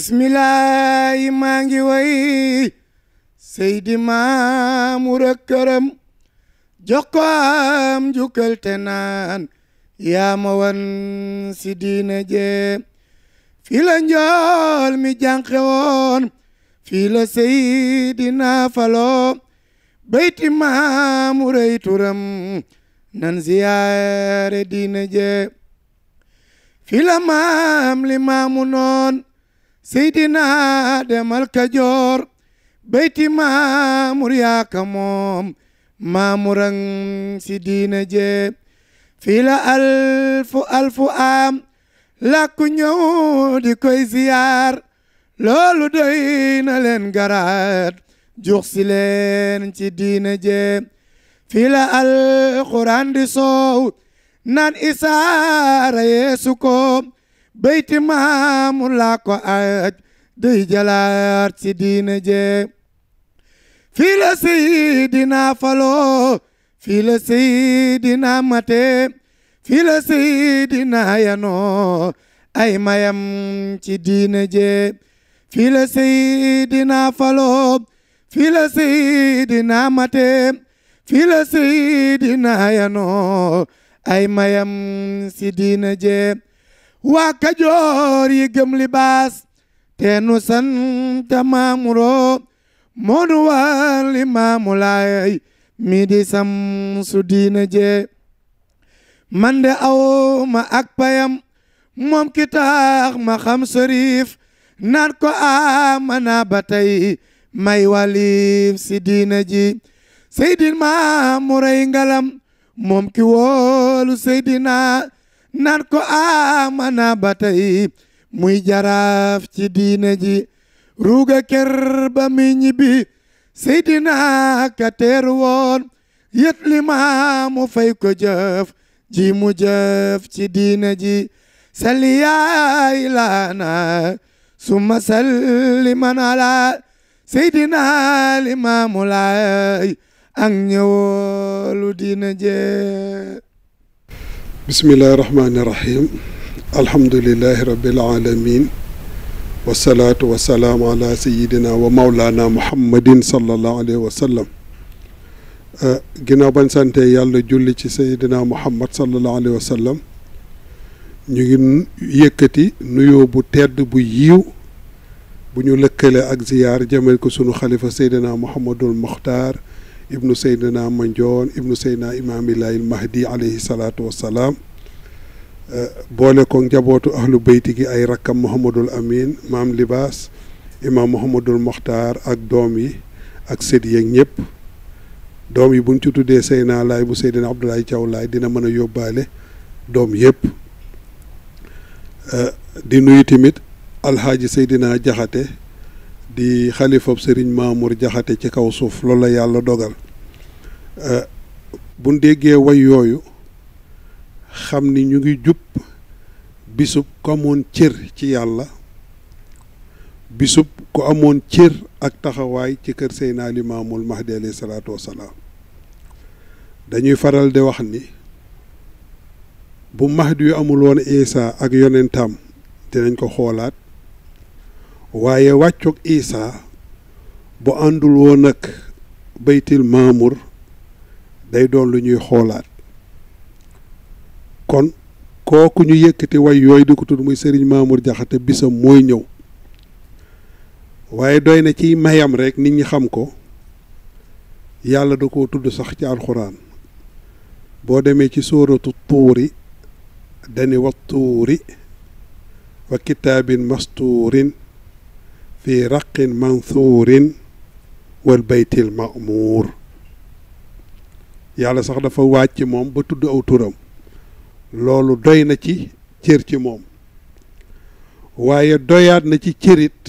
bismillaahi maa ngi way seydi maamur ak këram am jukkal te naan wan si diina jee fii njool mi jànqe woon fii la seydina beyti maamur turam nan ziyaare diina jee fii maam li noon seydina demal kajoor beyti maamur yaaka moom maamurang si diina je fii la alfu alfu am làkku ñëw koy ziyaar loolu doy na leen garaat jux leen ci diina je fii la alxuraan di soow naan isaara yeesu ko béyti maamu laa ko aj day jalaat si diina jee fii la seydina faloo fii la seydina matee fii la seydina yanoo ay mayam ci diina fii la seydina faloo fii yanoo ay mayam si diina jee waa kajoor yi gëm libaas te nu sant maamuroo moo nu war li di samsu diina jee man de aw ma ak payam moom ki tax ma xam sërif naan ko amana ba tey may walif si diina ji seydin maamuray ngalam moom ki woolu seydina naan ko amana ba tey muy jaraaf ci diine ji ruuga ker ba mi ñibbi seydina ka teeru woon li ma fay ko jëf ji mu jëf ci diina ji salli yaa ilaana summa salli man ala seydina limaamu laay ak ñëwoolu diine jee بسم الله الرحمن الرحيم الحمد لله رب العالمين والصلاة والسلام على سيدنا ومولانا محمد صلى الله عليه وسلم جنابان سانتي يالو جولي سيدنا محمد صلى الله عليه وسلم نيغي ييكتي نويو بو تيد بو ييو بو نيو لكل اك زيار جمالكو سونو خليفه سيدنا محمد المختار ibnu seydina mandion ibnu seydina imaamilahil mahdi alayhi salaatu wassalaam boole ko njabootu ahlu beyti gi ay rakkam mouhamadul amin maam libaas imaam mouhamadul moxtaar ak doom yi ak sët yeeg ñëpp doom yi buñ ci tuddee seydina laay bu seydina abdoulaye thiaw dina mën a yóbbaale doom yëpp di nuyu tamit alxaaji seydina jaxate di xalifob sëriñ Mamour Jaxate ci kaw suuf loolu la yàlla dogal euh, bu déggee way yooyu xam ni ñu ngi jub bisub ku amoon cër ci yàlla bisub ku amoon cër ak taxawaay ci kër Seydina Limaamul Mahdi alayhi salaatu wassalaam dañuy faral di wax ni bu Mahdi yu amul woon Isa ak yonentam dinañ ko xoolaat waaye wàccug Isaa bu àndul woon nag baytil maamur day doon lu ñuy xoolaat kon kooku ñu yëkkati way yooyu di ko tudd muy sëriñ Mamour Jaxate bisam mooy ñëw waaye doy na ci mayam rekk nit ñi xam ko yàlla du ko tudd sax ci alxuraan boo demee ci sóoratu tuuri dani wa tuuri wa kitaabin mastuurin في رق منثور والبيت المأمور يالا ساخ دا فا واتي موم با تود او تورم لولو دوينا تي تير تي موم وايي دويات نا تي تيريت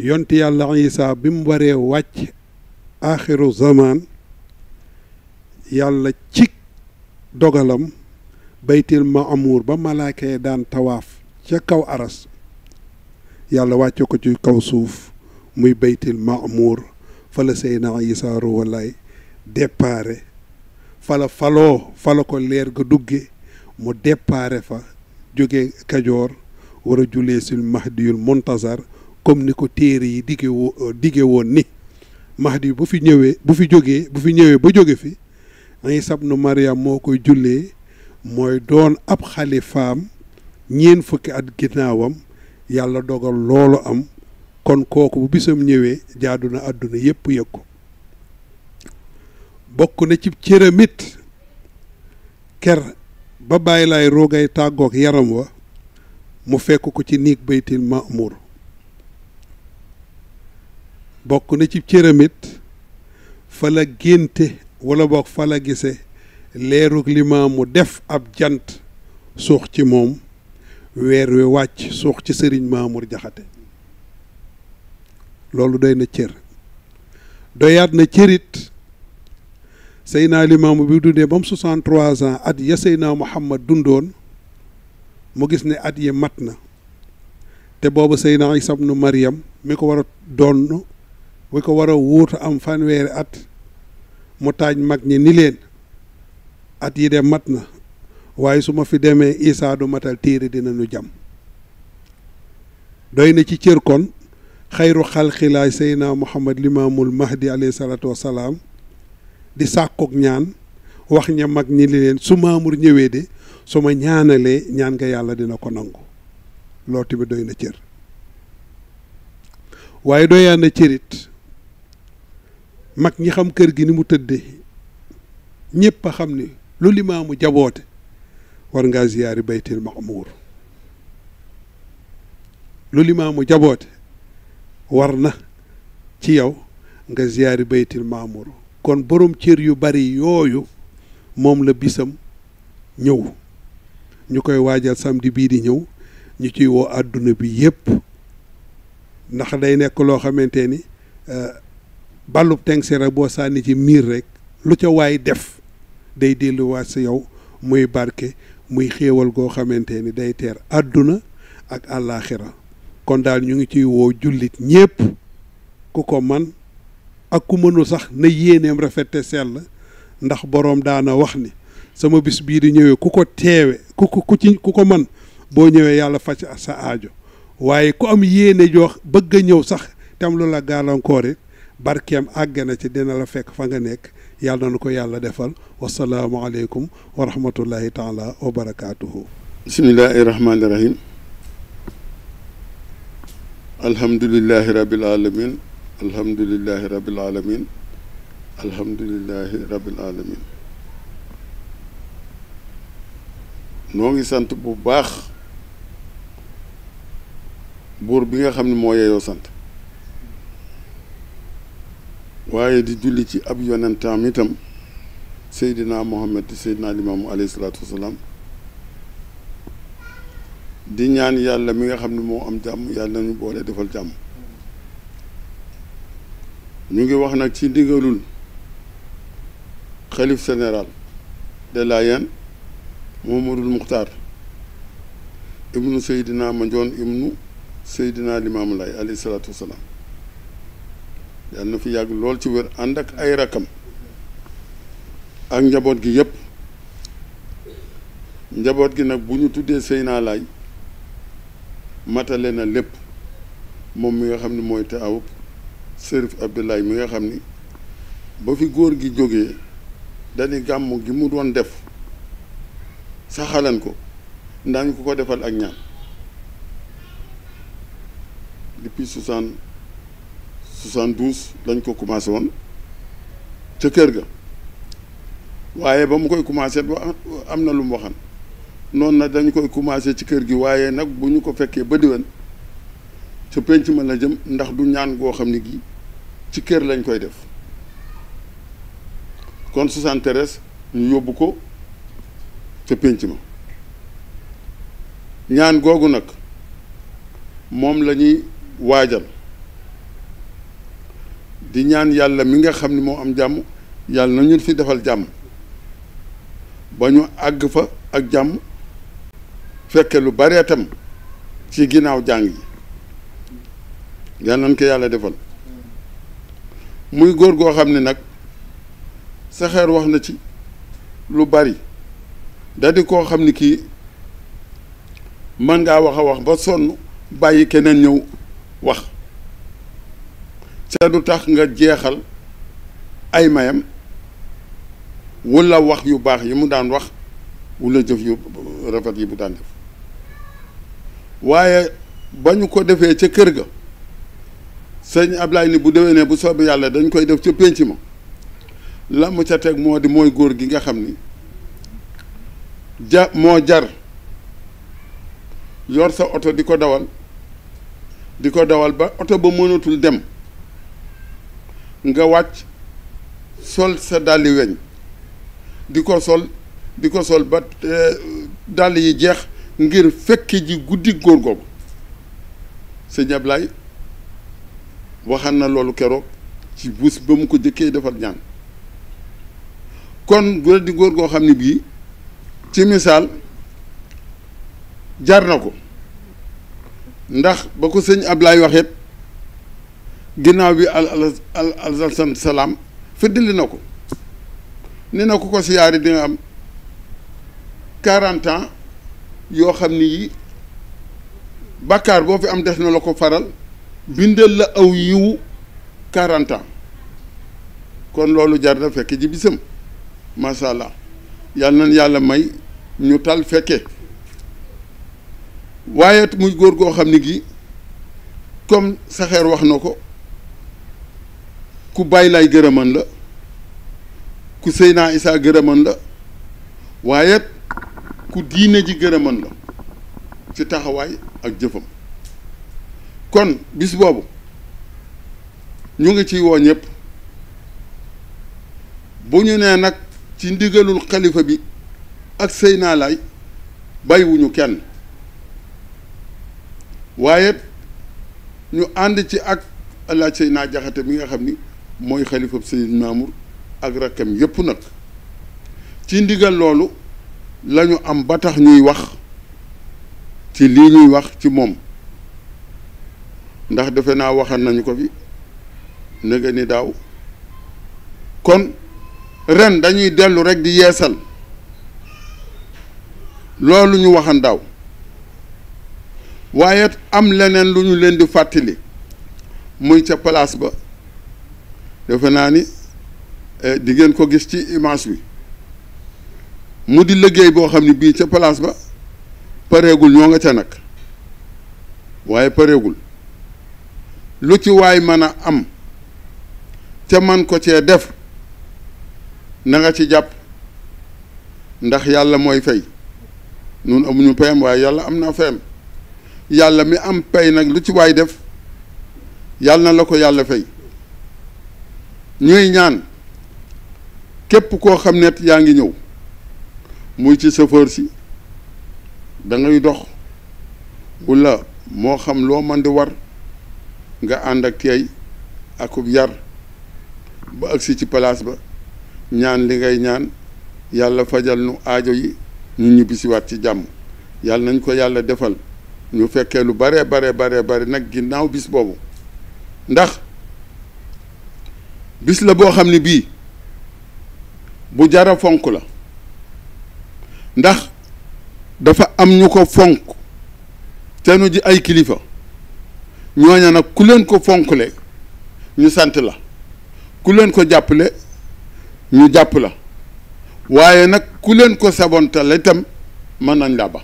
يونت يالا عيسى بيم واري واتي اخر زمان يالا تيك دوغالام بيت المأمور با ملائكه دان تواف تا كاو ارس yàlla wàcce ko ci kaw suuf muy baytil maamuur fala Seydina Isaa Ruuhu Laay déparé fala faloo fala ko leer ga dugge mu déparé fa jóge Kajoor wara a jullee sul mahdiyul muntazar comme ni ko téere yi digge wo woon ni mahdi bu fi ñëwee bu fi jógee bu fi ñëwee ba jóge fi ay sab nu Mariam moo koy jullee mooy doon ab xalifaam ñeen fukki at ginnaawam yàlla dogal loolu am kon kooku bu bisam ñëwee jaadu na àdduna yépp yëg ko bokk na ci cëramit ker ba bàyyi lay roogay tàggook yaram wa mu fekk ko ci niig baytil maamur bokk na ci cëramit fa la génte wala boog fa la gise leerug li maamu def ab jant suux ci moom weer wi wàcc suux ci sëriñ Mamour Jaxate loolu doy na cër doyaat na cërit Seydina Limaamu bi dundee ba mu 63 ans at ya ma Muhammad dundoon mu gis ne at yi mat na te boobu Seydina Isa ibnu Maryam mi ko war a doon ko war a wuutu am fanweeri at mu taaj mag ñi ni leen at yi de mat na waaye su ma fi demee isaa du matal téere dina nu jam doy na ci cër kon xayru xalxilaay seydna muhammad limaamul mahdi alayhi salaatu wasalaam di sàkkook ñaan wax ña mag ñi li leen su maamur ñëwee de su ma ñaanalee ñaan nga yàlla dina ko nangu loolu tamit doy na cër waaye doyaan na cërit mag ñi xam kër gi ni mu tëddee ñépp a xam ni lu limaamu jaboote war nga ziyaari baytil ma'muur lu limaamu jaboote war na ci yow nga ziyaari baytil ma'muur kon boroom cër yu bari yooyu moom la bisam ñëw ñu koy waajal samedi bii di ñëw ñu ciy woo àdduna bi yépp ndax day nekk loo xamante ni euh, ballub tengsera boo sànni ci miir rek lu ca waay def day delluwaat si yow muy barke muy xéewal goo xamante ni day teer àdduna ak àllaaxira kon daal ñu ngi ciy woo jullit ñépp ku ko man ak ku mënul sax na yéeneem rafete sell ndax boroom daana wax ni sama bis bii di ñëwee ku ko teewe ku ko ku ci ku ko man boo ñëwee yàlla faj sa aajo waaye ku am yéene jox bëgg a ñëw sax tam lu la gàllankoor it barkeem àgg na ci dina la fekk fa nga nekk يالنا نكو يالا دفل والسلام عليكم ورحمة الله تعالى وبركاته بسم الله الرحمن الرحيم الحمد لله رب العالمين الحمد لله رب العالمين الحمد لله رب العالمين نوغي سانت بو بور بيغا خامني مو ييو سانت waaye di julli ci ab yonentam itam seydina Muhammad seydina limaamu alayhi salaatu wasalaam di ñaan yàlla mi nga xam ni moo am jàmm yàlla nañu boole defal jàmm ñu ngi wax nag ci ndigalul xalif général de Layène Mouhamadoul Moukhtar ibnu seydina Mandione ibnu seydina limaamu lay alayhi salaatu wasalaam yàlla na fi yàgg lool ci wér ànd ak ay rakam ak njaboot gi yëpp njaboot gi nag bu ñu tuddee Seyna Laay matale na lépp moom mi nga xam ni mooy taawub Serif Abdoulaye mi nga xam ni ba fi góor gi jógee dani gàmmu gi mu doon def saxalan ko ndaañu ko ko defal ak ñaan depuis soixante 72 lañ ko commencé woon ca kër ga waaye ba mu koy commencé am na lu mu waxan noonu nag dañ koy commencé ci kër gi waaye nag bu ñu ko fekkee ba déwén ca penc ma la jëm ndax du ñaan goo xam ne gi ci kër lañ koy def kon 73 ñu yóbbu ko ca penc ma ñaan googu nag moom lañuy waajal di ñaan yàlla mi nga xam ni moo am jàmm yàlla na ñu fi defal jàmm ba ñu àgg fa ak jàmm fekke lu bare tam ci ginnaaw jàng yi yal yàlla defal muy góor goo xam ne nag saxeer wax na ci lu bari daldi koo xam ni kii mën ngaa wax a wax ba sonn bàyyi keneen ñëw wax ca du tax nga jeexal ay mayam la wax yu baax yi mu daan wax wala jëf yu rafet yi mu daan def waaye ba ñu ko defee ca kër ga sëñ Ablaye ni bu ne bu soobee yàlla dañ koy def ca pénc ma la mu ca teg moo di mooy góor gi nga xam ni ja moo jar yor sa oto di ko dawal di ko dawal ba oto ba mënatul dem nga wàcc sol sa dàlli weñ di ko sol di ko sol ba eh, dàll yi jeex ngir fekke ji guddi góor googu sëñ Ablaay waxaan na loolu keroog ci buus ba mu ko jëkkee defar ñaan kon bu góor goo xam ne bii ci misaal jar na ko ndax ba ko sëñ Ablaay waxeet ginnaaw bi al alsam salaam fiddili na ko ne na ku ko siyaari di nga am quarante ans yoo xam ni yi bàkkaar boo fi am def na la ko faral bindal la aw yiwu quarante ans kon loolu jar na fekk ji bisam macha allah yàlla nan yàlla may ñu tal fekke waaye muy góor goo xam ni gi comme saxeer wax na ko ku bàyyi lay gërëman la ku naa Isa gërëman la waaye ku diine ji gërëman la ci taxawaay ak jëfam kon bis boobu ñu ngi ciy woo ñëpp bu ñu nee nag ci ndigalul xalifa bi ak naa Laay bàyyiwuñu kenn waaye ñu ànd ci ak El Hadj naa Jaxate mi nga xam ni mooy xalifab Sëriñ Mamour ak rakkam yépp nag ci ndigal loolu lañu am ba tax ñuy wax ci lii ñuy wax ci moom ndax defe naa waxan nañu ko fi nga ni daaw kon ren dañuy dellu rekk di yeesal loolu ñu waxan daaw waaye am leneen lu ñu leen di fàttali muy ca place ba defe naa ni eh, di ngeen ko gis ci image bi mu di liggéey boo xam ne bii ca place ba pareegul ñoo nga ca nag waaye pareegul lu ci waay mën a am ca man ko cee def na nga ci jàpp ndax yàlla mooy fay noonu amuñu payam waaye yàlla am na fayam yàlla mi am pay nag lu ci waay def yàlla na la ko yàlla fay ñuy ñaan képp koo xam ne yaa ngi ñëw muy ci chauffeur si da dox wula moo xam loo mën di war nga ànd ak tey akub yar ba agsi ci palaas ba ñaan li ngay ñaan yàlla fajal nu aajo yi ñu ñibbisiwaat ci jàmm yàlla nañ ko yàlla defal ñu fekkee lu bare bare bare bare nag ginnaaw bis boobu ndax bis la boo xam ne bii bu jara fonk la ndax dafa am ñu ko fonk te nu ji ay kilifa ñooña nag ku leen ko fonkle ñu sant la ku leen ko jàppale ñu jàpp la waaye nag ku leen ko sabontale tam mën nañ laa ba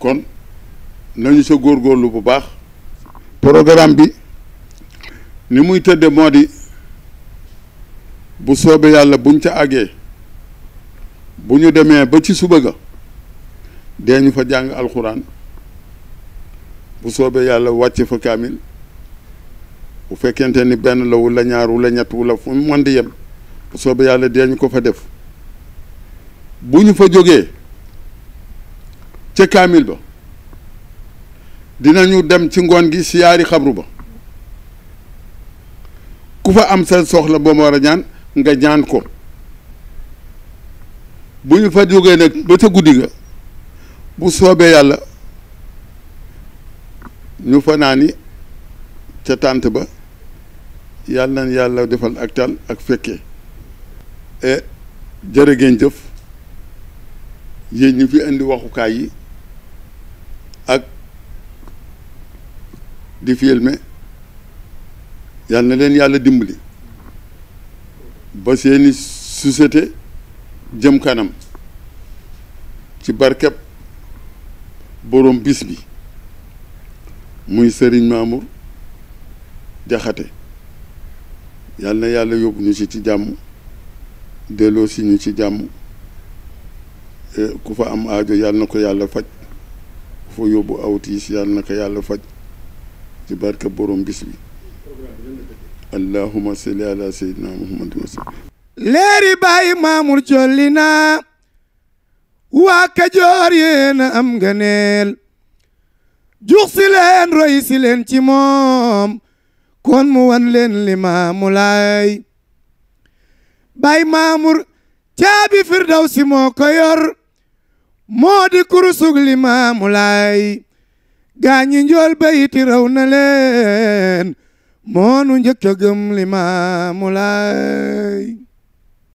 kon nañu sa góorgóorlu bu baax programme bi ni muy tëdde moo di bu soobee yàlla buñ ca àggee bu ñu demee ba ci suba ga dee ñu fa jàng alxuraan bu soobee yàlla wàcce fa kaamil bu fekkente ni benn la wula ñaar wula ñett wula fu mu di yem bu soobee yàlla dee ñu ko fa def bu ñu fa jógee ca kaamil ba dinañu dem ci ngoon gi siyaari xabru ba ku fa am sa soxla boo ma war a ñaan nga ñaan ko bu ñu fa jógee nag ba ca guddi ga bu soobee yàlla ñu fanaani ca tànt ba yàlla na yàlla defal ak tal ak fekkee e jërë ngeen jëf yéen ñu fi indi waxukaay yi ak di filmer yàlla na leen yàlla dimbali ba seeni société jëm kanam ci barkeb boroom bis bi muy sëriñ Mamour Jaxate yàlla na yàlla yóbbu ñu ci ci jàmm delloo si ñu ci jàmm e, ku fa am ajo yàlla na ko yàlla faj foo yóbbu awtiis yàlla na ko yàlla faj ci barkeb boroom bis bi allahuma leeri bàyyi maamur jolli naa kajoor yéen am nga neel jux ci moom kon mu wan leen li maamu laay bay caabi firdaw si moo ko yor moo li maamu gaañi njool bayiti raw na leen moonu njëkk a gëm Limaamu Laay